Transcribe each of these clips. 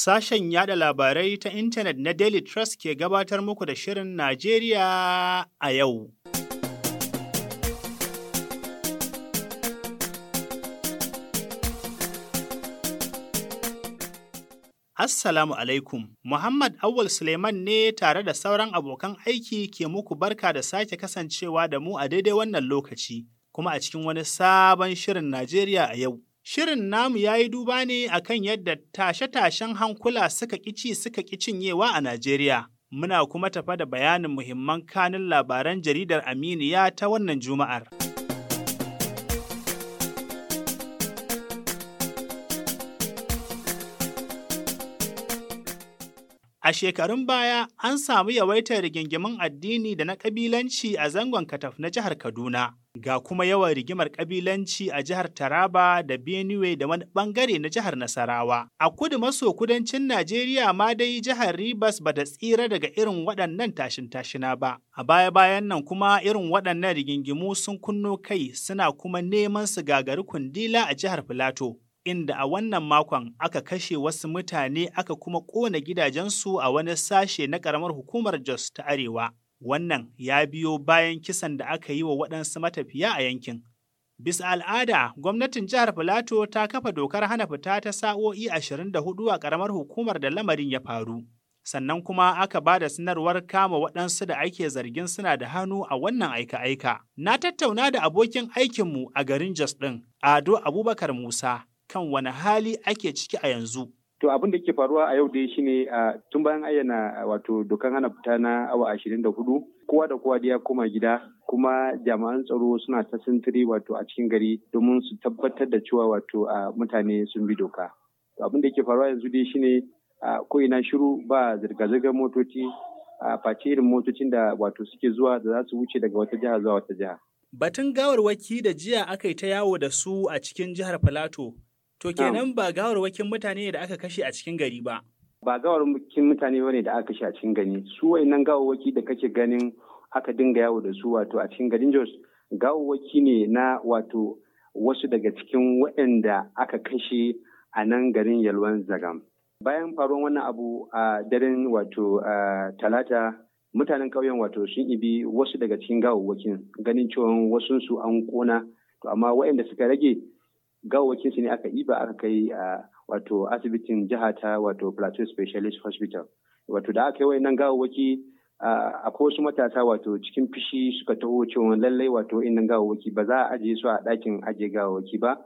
Sashen yada labarai ta intanet na Daily Trust ke gabatar muku da Shirin Najeriya a yau. Assalamu alaikum, Muhammad Awul Suleiman ne tare da sauran abokan aiki ke muku barka da sake kasancewa da mu a daidai wannan lokaci, kuma a cikin wani sabon Shirin Najeriya a yau. Shirin namu ya yi duba ne akan yadda tashe-tashen hankula suka ƙici suka ƙi cinyewa a Najeriya. Muna kuma tafa da bayanin muhimman kanin labaran jaridar Aminiya ta wannan Juma'ar. A shekarun baya an samu yawaitar rigingimin addini da na ƙabilanci a zangon Kataf na jihar Kaduna, ga kuma yawan rigimar ƙabilanci a jihar Taraba da Benue da wani ɓangare na jihar Nasarawa. A kudu maso kudancin Najeriya ma dai jihar Ribas ba ta tsira daga irin waɗannan tashin-tashina ba. A baya-bayan nan kuma irin waɗannan rigingimu sun kunno kai suna kuma neman su gagari kundila a jihar Filato. inda a wannan makon aka kashe wasu mutane aka kuma ƙona gidajensu a wani sashe na ƙaramar hukumar Jos ta Arewa. Wannan ya biyo bayan kisan da aka yi wa waɗansu matafiya a yankin. Bisa al'ada, gwamnatin jihar Filato ta kafa dokar hana fita ta sa'o'i ashirin da hudu a ƙaramar hukumar da lamarin ya faru. Sannan kuma aka ba da sanarwar kama waɗansu da ake zargin suna da hannu a wannan aika-aika. Na tattauna da abokin aikinmu a garin Jos ɗin, Ado Abubakar Musa, kan wani hali ake ciki a yanzu. To abin da ke faruwa a yau dai shi ne tun bayan ayyana wato dokan hana fita na awa ashirin da hudu kowa da kowa ya koma gida kuma jami'an tsaro suna ta sintiri wato a cikin gari domin su tabbatar da cewa wato a mutane sun bi doka. To abin da ke faruwa yanzu dai shine a ko'ina shiru ba zirga-zirgar motoci a face irin motocin da wato suke zuwa da za su wuce daga wata jiha zuwa wata jiha. Batun gawarwaki da jiya aka yi ta yawo da su a cikin jihar Filato To kenan ba gawarwakin mutane ne da aka kashe a cikin gari ba. Ba gawarwakin mutane ba ne da aka kashe a cikin gari. Su wayannan gawarwaki da kake ganin aka dinga yawo da su wato a cikin garin Jos gawarwaki ne na wato wasu daga cikin waɗanda aka kashe a nan garin Yalwan Zagam. Bayan faruwar wannan abu a daren wato talata mutanen ƙauyen wato sun ibi wasu daga cikin gawarwakin ganin cewa wasunsu an kona to amma waɗanda suka rage gawawakin shi ne aka ba aka kai a wato asibitin jiha ta wato plateau specialist hospital wato da aka yi wayannan gawawaki ko wasu matasa wato cikin fishi suka taho cewa lallai wato innan gawawaki ba za a ajiye su a dakin ajiye gawawaki ba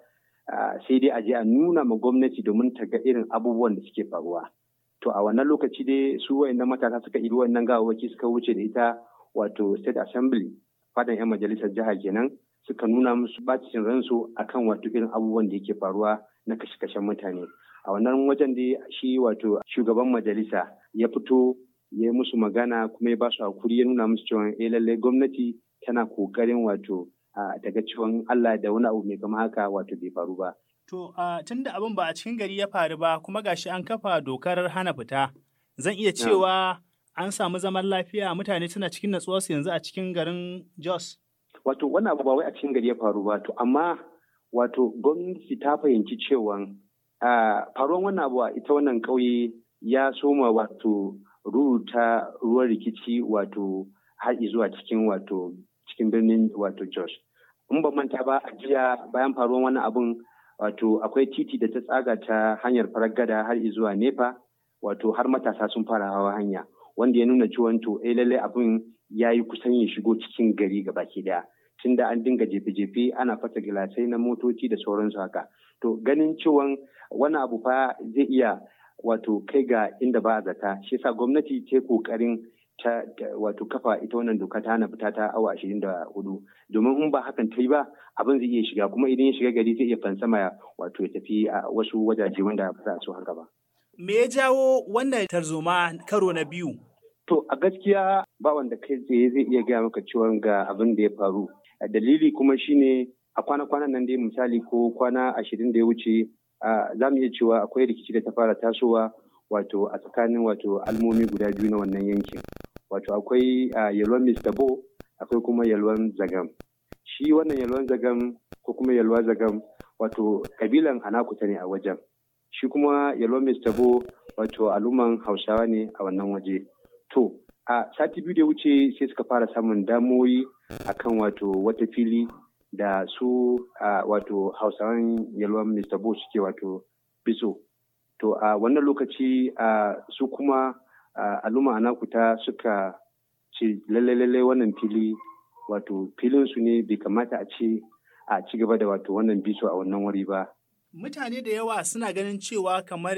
sai dai aje a nuna ma gwamnati domin ta ga irin abubuwan da suke faruwa to a wannan lokaci dai su wayannan matasa suka ibi wannan gawawaki suka wuce da ita wato state assembly fadan yan majalisar jiha kenan suka nuna musu bacin ransu akan wato irin abubuwan da yake faruwa na kashe mutane a wannan wajen da shi wato shugaban majalisa ya fito ya yi musu magana kuma ya ba su hakuri ya nuna musu cewa eh lallai gwamnati tana kokarin wato daga cewa Allah da wani abu mai kama haka wato bai faru ba. To tun da abin ba a cikin gari ya faru ba kuma gashi an kafa dokar hana fita zan iya cewa an samu zaman lafiya mutane suna cikin natsuwarsu yanzu a cikin garin Jos. wato wannan abu ba wai a cikin gari ya faru ba to amma wato gwamnati ta fahimci cewa faruwan wannan abu a ita wannan ƙauye ya soma wato rubuta ruwan rikici wato har zuwa cikin wato cikin birnin wato Jos. In ba manta ba a jiya bayan faruwan wannan abun wato akwai titi da ta tsaga ta hanyar farar gada har zuwa Nefa wato har matasa sun fara hawa hanya wanda ya nuna ciwon to eh lallai abin. ya yi kusan ya shigo cikin gari ga baki daya da an dinga jefe-jefe ana fasa gilasai na motoci da sauransu haka to ganin ciwon wani abu fa zai iya wato kai ga inda ba a zata shi sa gwamnati ce kokarin ta wato kafa ita wannan doka ta hana fita ta awa ashirin da hudu domin in ba hakan ta yi ba abin zai iya shiga kuma idan ya shiga gari zai iya fansama wato ya tafi a wasu wajaje wanda ba za a so haka ba. Me ya jawo wannan tarzoma karo na biyu? To a gaskiya ba wanda kai tsaye zai iya gaya maka cewa ga abin da ya faru. a Dalili kuma shine a kwana-kwanan nan dai misali ko kwana ashirin da ya wuce za mu iya cewa akwai rikici da ta fara tasowa wato a tsakanin wato almomi guda biyu na wannan yankin. Wato akwai yalwan Mr. Bo akwai kuma yalwan Zagam. Shi wannan yalwan Zagam ko kuma yalwa Zagam wato kabilan Anakuta ne a wajen. Shi kuma yalwan Mr. Bo wato al'umman Hausawa ne a wannan waje. to a sati biyu da wuce sai suka fara samun damoyi akan wato wata fili da su a wato hausawan yalwan mr Bush suke wato biso to a wannan lokaci su kuma al'umma kuta suka ce lalle-lalle wannan fili wato filin su ne bai kamata a ce a ci gaba da wato wannan biso a wannan wuri ba mutane da yawa suna ganin cewa kamar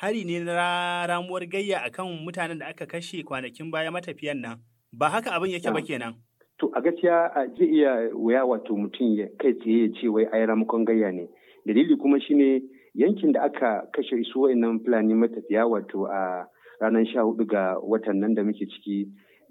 hari ne na ramuwar gayya a kan mutanen da aka kashe kwanakin baya matafiyan nan ba haka abin yake ba kenan to a gaskiya a je iya wuya wato mutum ya kai tsaye ya ce wai ai ramukan gayya ne dalili kuma shine yankin da aka kashe su wa'annan fulani matafiya wato a ranar sha hudu ga watan nan da muke ciki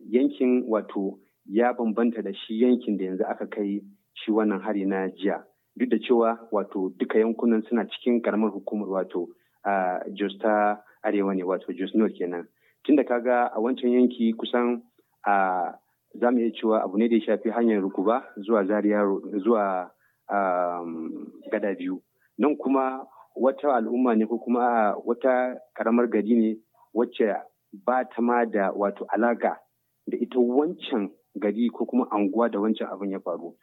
yankin wato ya bambanta da shi yankin da yanzu aka kai shi wannan hari na jiya duk da cewa wato duka yankunan suna cikin karamar hukumar wato a Jos ta Arewa ne wato Jos North kenan. Tunda kaga a wancan yanki kusan a za mu iya cewa abu ne da ya shafi hanyar rukuba zuwa Zaria zuwa um, gada biyu. Nan kuma wata al'umma ne ko kuma wata karamar gari ne wacce ba ta ma da wato alaka da ita wancan gari ko kuma anguwa da wancan abin ya faru.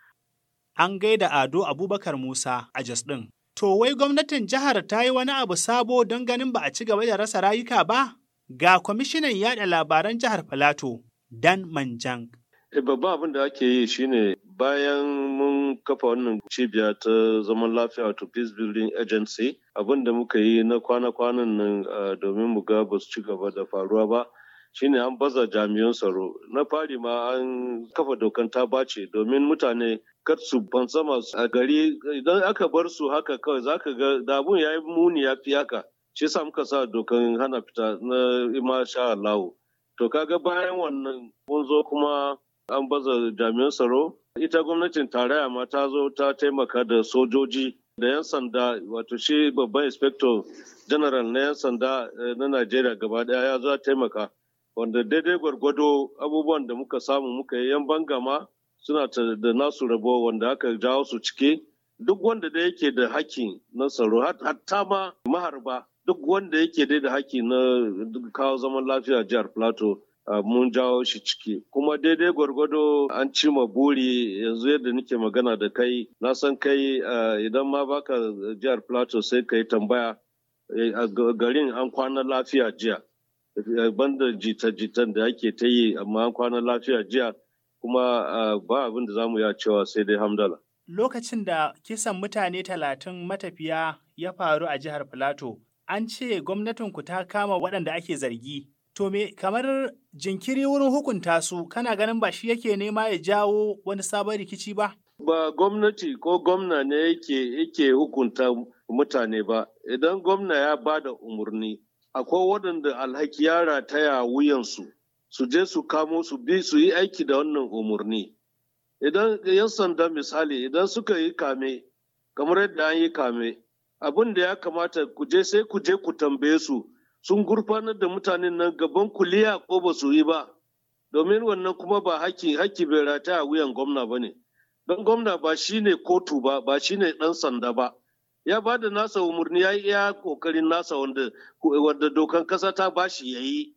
An gaida Ado Abubakar Musa a Jos ɗin. To wai gwamnatin jihar ta yi wani abu sabo don ganin ba a ci gaba da rasa rayuka ba? Ga kwamishinan yada labaran jihar Filato, Dan Manjang. Eh, babban abin da ake yi shine bayan mun kafa wannan cibiya ta zaman lafiya To Peace Building Agency abin da muka yi na kwana-kwanan nan domin mu ga ba su ci gaba da faruwa ba. shine an baza jami'an tsaro na fari ma an kafa dokan ta bace domin mutane kar su masu a gari idan aka bar su haka kawai za ka ga dabun ya yi muni ya fi haka shi sa muka sa dokan hana fita na ima sha Allahu. To kaga bayan wannan mun zo kuma an baza jami'an tsaro ita gwamnatin tarayya ma ta zo ta taimaka da sojoji da 'yan sanda wato shi babban inspector general na 'yan sanda eh, na najeriya gaba daya ya zo taimaka wanda daidai gwargwado abubuwan da muka samu muka yi yan bangama suna da nasu rabo wanda aka jawo su cike duk wanda da yake da haƙƙi na tsaro hatta ma maharba duk wanda yake dai da haƙƙi na kawo zaman lafiya jihar plato mun jawo shi ciki kuma daidai gwargwado an ci ma buri yanzu yadda nake magana da kai na san kai idan ma baka jihar plato sai ka yi tambaya eh, garin an kwana lafiya jiya banda jita-jitan da ake ta yi amma an kwana lafiya jiya kuma ba abin da za mu ya cewa sai dai hamdala. Lokacin da kisan mutane talatin matafiya ya faru a jihar Filato, an ce gwamnatinku ta kama waɗanda ake zargi. To me kamar jinkiri wurin hukunta su kana ganin ba shi yake nema ya jawo wani sabon rikici ba? Ba gwamnati ko gwamna ne yake yake hukunta mutane ba. Idan gwamna ya bada da umarni, akwai waɗanda alhaki ya rataya wuyansu su je su kamo su bi su yi aiki da wannan umarni idan yan sanda misali idan suka yi kame kamar yadda an yi kame abin da ya kamata ku je sai ku je ku tambaye su sun gurfanar da mutanen nan gaban kuliya ko ba su yi ba domin wannan kuma ba haki haki bai rata a wuyan gwamna ba ne don gwamna ba shi ne kotu ba ba shi ne ɗan sanda ba ya ba da nasa umarni ya yi iya ƙoƙarin nasa wanda dokan kasa ta bashi ya yi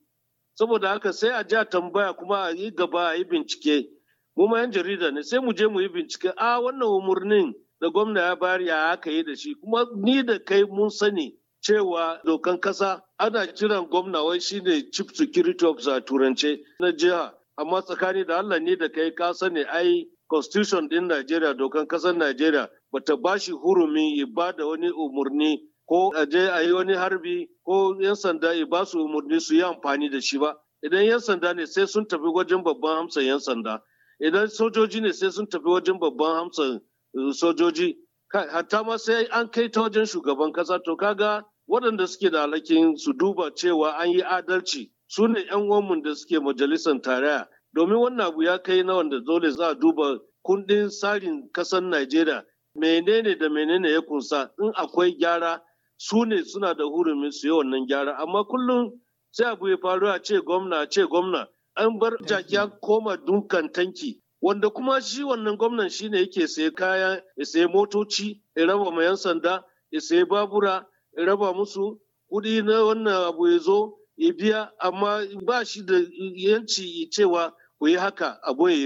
saboda haka sai a ja tambaya kuma a yi gaba a yi bincike mu ma yan jarida ne sai mu je mu yi bincike a wannan umarnin da gwamna ya bayar ya aka yi da shi kuma ni da kai mun sani cewa dokan kasa ana kiran gwamna wai shine chief security officer a turance na jiha amma tsakani da allah ni da kai ka sani ai constitution din najeriya dokan kasar najeriya bata bashi hurumin ya ba da wani umarni ko a je a yi wani harbi ko 'yan sanda ya ba su umarni su yi amfani da shi ba idan 'yan sanda ne sai sun tafi wajen babban hamsan 'yan sanda idan sojoji ne sai sun tafi wajen babban hamsan eh, sojoji hatta ma sai an kai ta wajen shugaban kasa to kaga waɗanda suke da alhakin su duba cewa an yi adalci su ne 'yan uwanmu da suke majalisar tarayya domin wannan abu ya kai na wanda dole za a duba kundin tsarin kasar najeriya menene da menene ya kunsa in akwai gyara su ne suna da hurumin su yi wannan gyara amma kullum sai abu ya faru a ce gwamna ce gwamna an bar jaki ya koma dunkan tanki wanda kuma shi wannan gwamnan shi ne yake sai kaya ya sai motoci ya raba ma yan sanda ya sai babura ya raba musu kuɗi na wannan abu ya zo ya biya amma ba shi da yanci cewa ku yi haka abu ya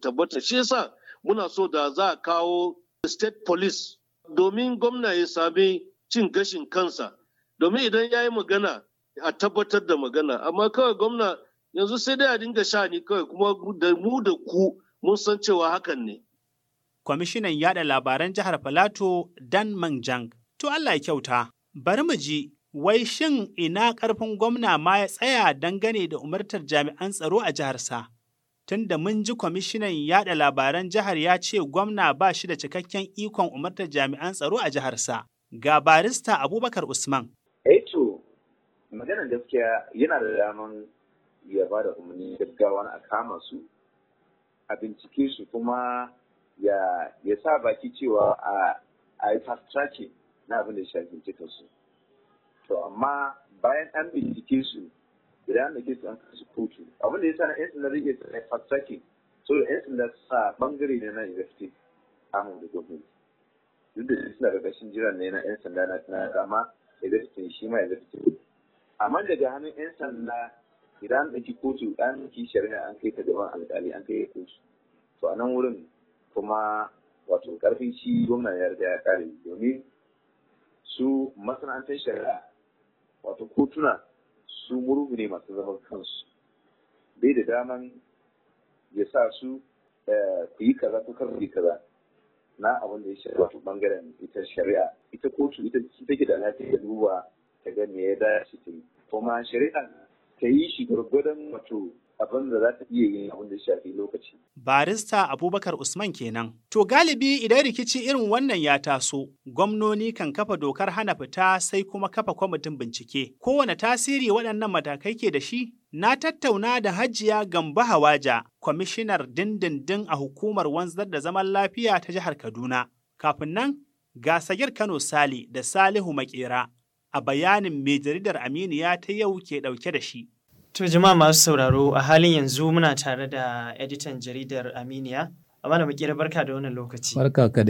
tabbata shi yasa muna so da za a kawo state police domin gwamna ya sami cin gashin kansa domin idan ya yi magana a tabbatar da magana amma kawai gwamna yanzu sai dai a dinga sha ni kawai kuma da mu da ku mun san cewa hakan ne. Kwamishinan yada labaran jihar falato Dan Manjang, to Allah ya kyauta, bari mu ji wai shin ina karfin gwamna ma ya tsaya dangane da umartar jami'an tsaro a jihar jiharsa. Tunda mun ji kwamishinan yada labaran jihar ya ce gwamna ba shi da cikakken ikon umartar jami'an tsaro a jiharsa. ga barista Abubakar Usman. Eto, eh maganar gaskiya yana da ranar ya ba da umarni gaggawa a kama su, a bincike su kuma ya, sa baki cewa a, a yi fast tracking na abin da shafi binciken su. To, amma bayan an bincike su, idan an ke su an kasu kotu, abin da ya sa na 'yan sanda zai iya fast tracking, so da 'yan sanda sa bangare ne na investigative, amur da gwamnati. duk da suna ƙarƙashin jiran ne na 'yan sanda na tana dama ya zarce shi ma ya amma daga hannun 'yan sanda idan an ɗauki kotu an ɗauki shari'a an kai ta gaban alƙali an kai kotu to a nan wurin kuma wato ƙarfin shi gwamna ya riga ya ƙare domin su masana'antar shari'a wato kotuna su murhu ne masu zaman kansu bai da daman ya sa su eh, ku yi kaza ko kar ku kaza na abin da ya shi wato bangaren ita shari'a ita kotu ita take da alhaki da duba ta ga me ya dace ta yi kuma shari'a ta yi shi gwargwadon wato abin da za ta iya yin abin da shafi lokaci. Barista Abubakar Usman kenan. To galibi idan rikici irin wannan ya taso, gwamnoni kan kafa dokar hana fita sai kuma kafa kwamitin bincike. Kowane tasiri waɗannan matakai ke da shi? Na tattauna da Hajiya Gamba Hawaja, kwamishinar dindindin a hukumar wanzar da zaman lafiya ta jihar Kaduna. Kafin nan, ga Sagir Kano Sali da Salihu Makera a bayanin mai jaridar Aminiya ta yau ke ɗauke da shi. To jama'a masu sauraro a halin yanzu muna tare da editan jaridar Aminiya. Amana Bakira barka da wannan lokaci. Barka ka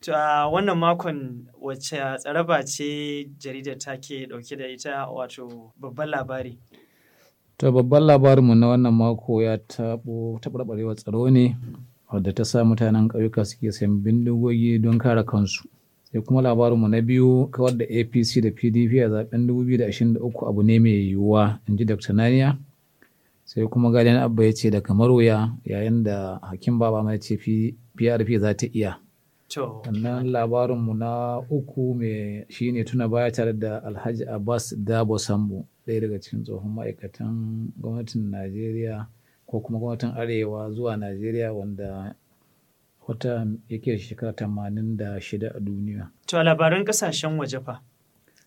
To a wannan makon wacce tsaraba ce jaridar take ɗauke da ita wato babban labari. To babban labarinmu na wannan mako ya taɓo taɓarɓarewa tsaro ne wadda ta sa mutanen ƙauyuka suke sayan bindigogi don kare kansu. sai kuma labarin mu na biyu kawar da apc da pdp a zaben 2023 abu ne mai yiwuwa in ji dr naniya sai kuma Galen abba ya ce da kamar wuya yayin da hakim baba mai ce prp za ta iya sannan labarin mu na uku mai shine tuna baya tare da alhaji abbas dabo sambo ɗaya daga cikin tsohon ma'aikatan gwamnatin najeriya ko kuma gwamnatin arewa zuwa najeriya wanda wata yake shekara tamanin da shida a duniya. To a labaran kasashen waje fa?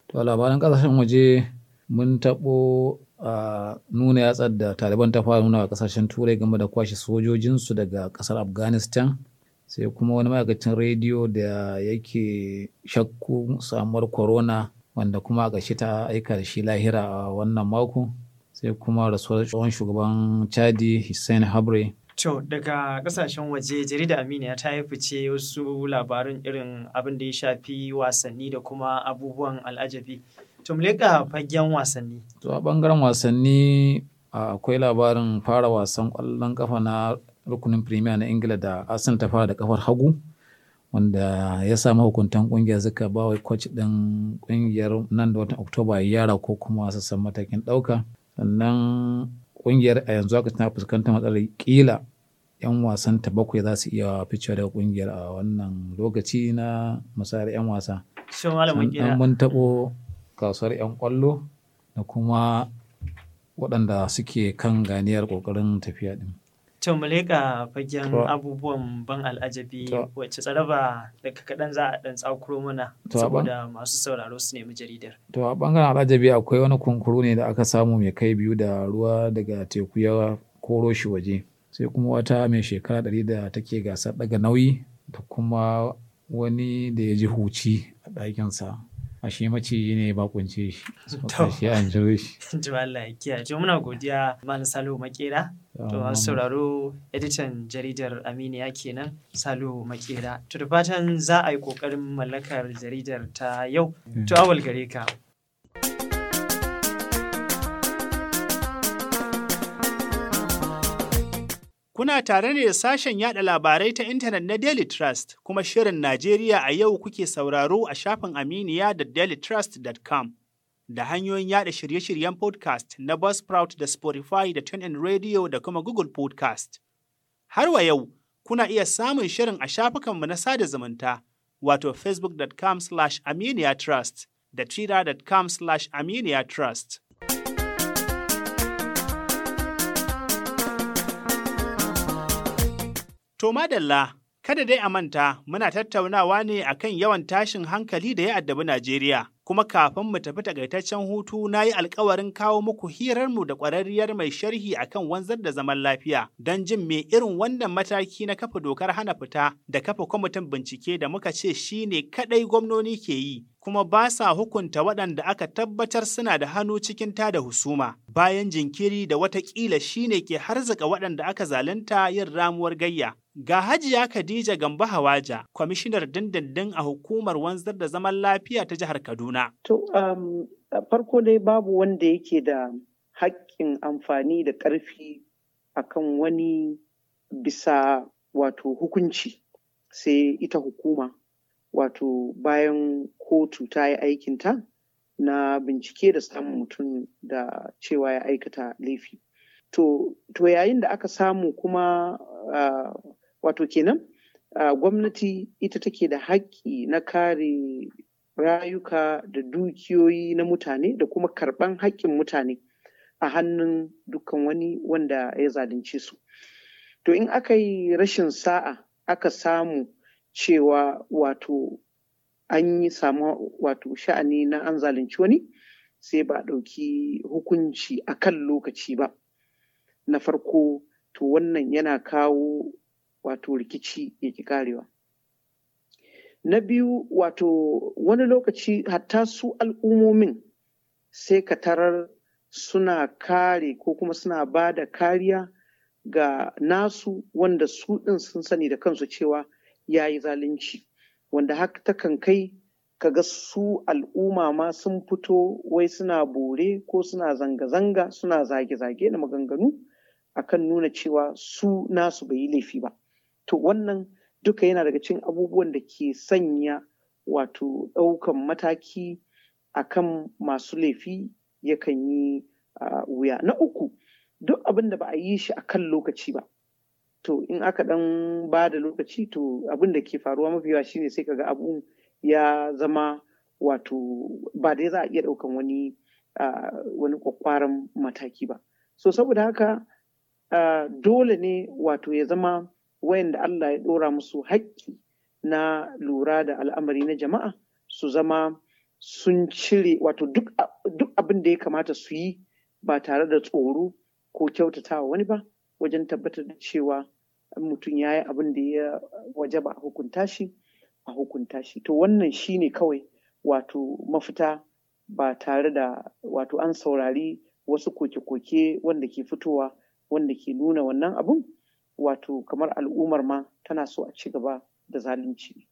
To a labaran kasashen waje mun taɓo a nuna yatsar da taliban ta fara nuna a kasashen turai game da kwashe sojojinsu daga ƙasar afghanistan sai kuma wani ma'aikacin rediyo da yake shakku samuwar corona wanda kuma a ƙarshe ta aika da shi lahira a wannan mako sai kuma rasuwar tsohon shugaban chadi hussein habre To daga kasashen waje jarida Aminiya ta haifu ce wasu labarin irin abin da ya shafi wasanni da kuma abubuwan al'ajabi. To mu leƙa fagen wasanni. To a ɓangaren wasanni akwai labarin fara wasan ƙwallon kafa na rukunin Premier na Ingila da Arsenal ta fara da kafar hagu wanda ya samu hukuntan ƙungiyar suka ba wa coach ɗin ƙungiyar nan da watan Oktoba yara ko kuma sassan matakin ɗauka. Sannan ƙungiyar a yanzu haka tana fuskantar matsalar ƙila yan wasan ta bakwai za su iya ficewa daga ƙungiyar a wannan lokaci na misali yan wasa. Shin mun taɓo kasuwar yan kwallo da kuma waɗanda suke kan ganiyar ƙoƙarin tafiya ɗin. To mu leƙa fagen abubuwan ban al'ajabi wacce tsaraba daga kaɗan za a ɗan tsakuro mana saboda masu sauraro su nemi jaridar. To a ɓangaren al'ajabi akwai wani kunkuru ne da aka samu mai kai biyu da ruwa daga teku ya koro shi waje. Sai kuma wata mai shekara ɗari da take gasar ɗaga nauyi da kuma wani da ya ji huci a ɗakinsa. a shi maciji ne bakunce shi shi an jiro shi to Allah ya kiyaye to muna godiya malam Salo Makera to an sauraro editan jaridar Aminiya kenan Salo Makera to da fatan za a yi kokarin mallakar jaridar ta yau mm. to awal gare ka Kuna tare ne da sashen yada labarai ta intanet na Daily Trust kuma Shirin Najeriya a yau kuke sauraro a shafin Aminiya da dailytrust.com da hanyoyin yada shirye-shiryen podcast na Buzzsprout da Spotify da TuneIn Radio da kuma Google Podcast. Har wa yau, kuna iya samun shirin a shafukanmu na sada zumunta wato facebook.com/aminiya trust da twitter.com/aminiya trust. To madalla, kada dai a manta muna tattaunawa ne akan yawan tashin hankali da ya addabi Najeriya. Kuma kafin mu tafi takaitaccen hutu na yi alkawarin kawo muku hirarmu da ƙwararriyar mai sharhi akan wanzar da zaman lafiya don jin me irin wannan mataki na kafa dokar hana fita da kafa kwamitin bincike da muka ce shi ne kaɗai gwamnoni ke yi kuma ba sa hukunta waɗanda aka tabbatar suna da hannu cikin tada husuma bayan jinkiri da watakila shine ke harzika waɗanda aka zalunta yin ramuwar gayya. Ga Hajiya Khadija Gamba Hawaja, kwamishinar dindindin a hukumar wanzar da zaman lafiya ta jihar Kaduna. To, um, farko dai babu wanda yake da haƙƙin amfani da ƙarfi akan wani bisa wato hukunci sai ita hukuma wato bayan kotu ta yi aikinta na bincike da samun mm. mutum da cewa ya aikata laifi. To, to yayin da aka samu kuma wato kenan uh, gwamnati ita take da haƙƙi na kare rayuka da dukiyoyi na mutane da kuma karɓan haƙƙin mutane a hannun dukkan wani wanda ya zalunce su. To in aka yi rashin sa'a aka samu cewa wato an yi samu wato sha'ani na an zalunci wani sai ba a ɗauki hukunci a kan lokaci ba na farko to wannan yana kawo wato rikici ya ki karewa na biyu wato wani lokaci hatta su al'ummomin sai ka tarar suna kare ko kuma suna ba da kariya ga nasu wanda su ɗin sun sani da kansu cewa ya yi zalunci wanda haka takan kai kaga su al'umma ma sun fito wai suna bore ko suna zanga-zanga suna zage-zage da maganganu akan nuna cewa su nasu bai yi laifi ba to wannan duka yana daga cikin abubuwan da ke sanya wato ɗaukan mataki akan masu laifi yakan yi ah, wuya na uku duk abin da ba a yi shi a kan lokaci ba to in aka dan ba da lokaci to abin da ke faruwa mafi yawa shine sai kaga abu ya zama wato ba dai za a iya daukan wani wani kwakwaran mataki ba so saboda haka dole ne wato ya zama wayanda Allah ya dora musu haƙƙi na lura da al'amari na jama'a su zama sun cire wato duk abin da ya kamata su yi ba tare da tsoro ko kyautatawa wani ba wajen tabbatar da cewa mutum ya yi abin da ya waje ba a hukunta shi a hukunta shi to wannan shi ne kawai wato mafita ba tare da wato an saurari wasu koke-koke wanda ke fitowa wanda ke nuna wannan abun wato kamar al'ummar ma tana so a ci gaba da zalunci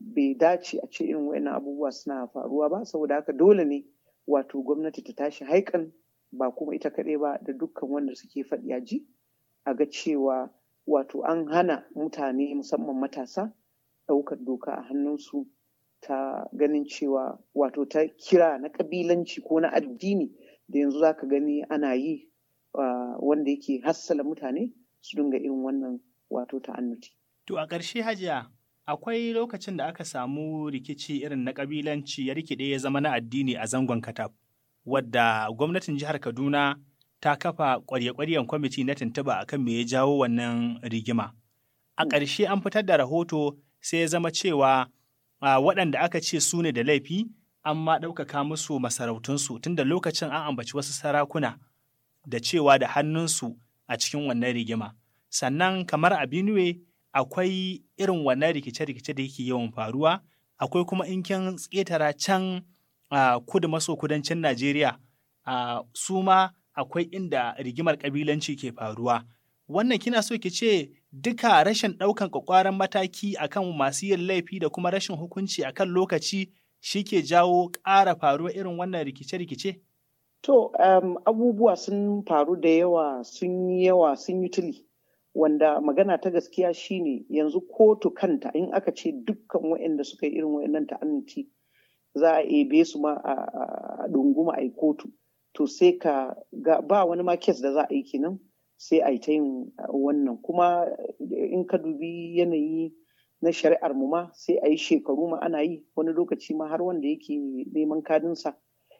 bai dace a ce irin wayannan abubuwa suna faruwa ba saboda haka dole ne wato gwamnati ta tashi haikan ba kuma ita kaɗai ba da dukkan wanda suke faɗi a ji a ga cewa wato an hana mutane musamman matasa ɗaukar doka a hannunsu ta ganin cewa wato ta kira na ƙabilanci ko na addini da yanzu za ka gani ana yi wanda yake hassala mutane su dinga irin wannan wato ta'annuti. To a ƙarshe hajiya akwai lokacin da aka samu rikici irin na ƙabilanci ya rikide ya zama na addini a zangon katab wadda gwamnatin jihar Kaduna ta kafa kwarye-kwaryen kwamiti na tuntuba akan me ya jawo wannan rigima. A hmm. ƙarshe an fitar da rahoto sai ya zama cewa waɗanda aka ce su ne da laifi an ma ɗaukaka musu masarautunsu tunda lokacin an ambaci wasu sarakuna da cewa da hannunsu a cikin wannan rigima. Sannan kamar a Benue akwai irin wannan rikice-rikice da yake yawan faruwa, akwai kuma in kin tsetara can kudu maso kudancin Najeriya su ma akwai inda rigimar kabilanci ke faruwa. Wannan kina so ki ce duka rashin ɗaukan kwakwaran mataki akan masu yin laifi da kuma rashin hukunci akan lokaci shi ke jawo ƙara faruwa irin wannan rikice-rikice? To, um, abubuwa sun faru da yawa sun yi yawa sun yi tuli. Wanda magana ta gaskiya shine yanzu kotu kanta in aka ce dukkan waɗanda suka yi irin waɗannan ta'annuci za a ebe su ma a dunguma a kotu. to sai ka ga ba wani ma kes da za a yi kenan sai a yi ta yin wannan kuma in ka dubi yanayi na shari'ar mu ma sai a yi shekaru ma ana yi wani lokaci ma har wanda yake neman kadinsa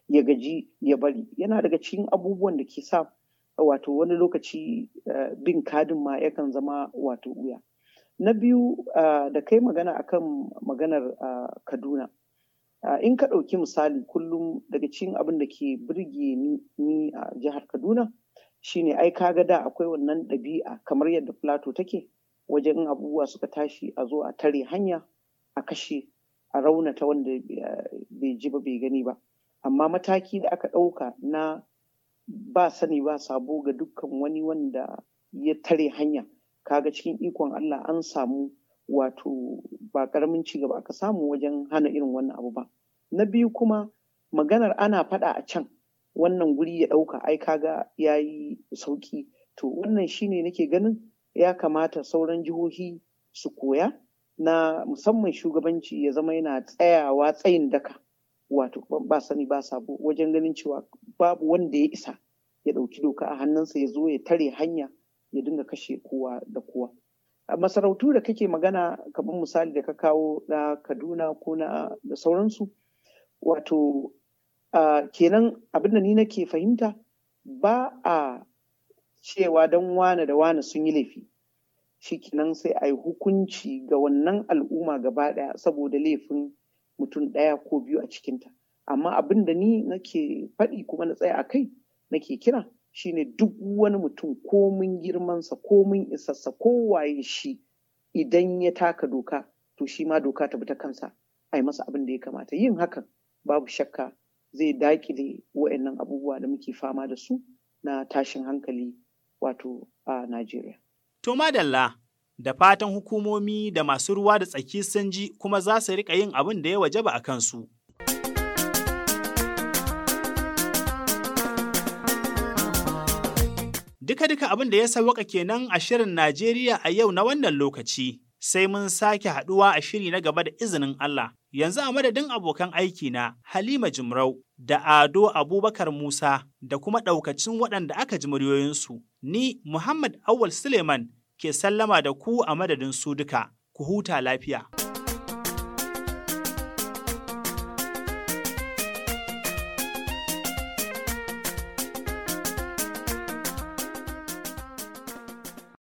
ya gaji ya bari yana daga cikin abubuwan da ke sa wato wani lokaci eh, bin kadin ma yakan zama wato wuya na biyu eh, da kai magana akan maganar eh, kaduna Ah, in ka ɗauki misali kullum daga cikin abin da ke birge ni a jihar kaduna shine ai kaga da akwai wannan ɗabi'a kamar yadda plato take wajen in abubuwa suka tashi a zo a tare hanya a kashe a raunata wanda eh, bai ji ba bai gani ba amma mataki da aka ɗauka na ba sani ba sabo ga dukkan wani wanda ya tare hanya kaga cikin ikon allah an samu wato ba ƙaramin ci gaba aka samu wajen hana irin wannan abu ba. Na biyu kuma maganar ana faɗa a can wannan guri ya ɗauka ai ga ya yi sauƙi. To wannan shine nake ganin ya kamata sauran jihohi su koya na musamman shugabanci ya zama yana tsayawa tsayin daka wato ba sani ba sabo wajen ganin cewa babu wanda ya isa ya ɗauki doka a hannunsa ya zo ya tare hanya ya dinga kashe kowa da kowa. masarautu da kake magana kamar misali da ka kawo na kaduna ko na da sauransu wato kenan abin da ni nake fahimta ba a cewa don wane da wane sun yi laifi shi kenan sai a yi hukunci ga wannan al'umma gaba ɗaya saboda laifin mutum ɗaya ko biyu a cikinta amma abin da ni nake faɗi kuma na tsaya a kai nake kira shine duk wani mutum komin girmansa komin isassa kowaye shi idan ya taka doka to shi ma doka ta bi ta kansa a yi masa abin da ya kamata yin hakan babu shakka zai dakile wa'annan abubuwa da muke fama da su na tashin hankali wato a Najeriya. To madalla da fatan hukumomi da masu ruwa da tsaki sun ji kuma za su riƙa yin abin da ya wajaba a kansu. Duka-duka abin da ya sauwaka kenan a shirin Najeriya a yau na wannan lokaci. Sai mun sake haɗuwa a shiri na gaba da izinin Allah. Yanzu a madadin abokan aiki na Halima Jimrau da Ado Abubakar Musa da kuma ɗaukacin waɗanda aka ji muryoyinsu. Ni Muhammad Awal Suleiman ke sallama da ku a madadin su duka. Ku huta lafiya.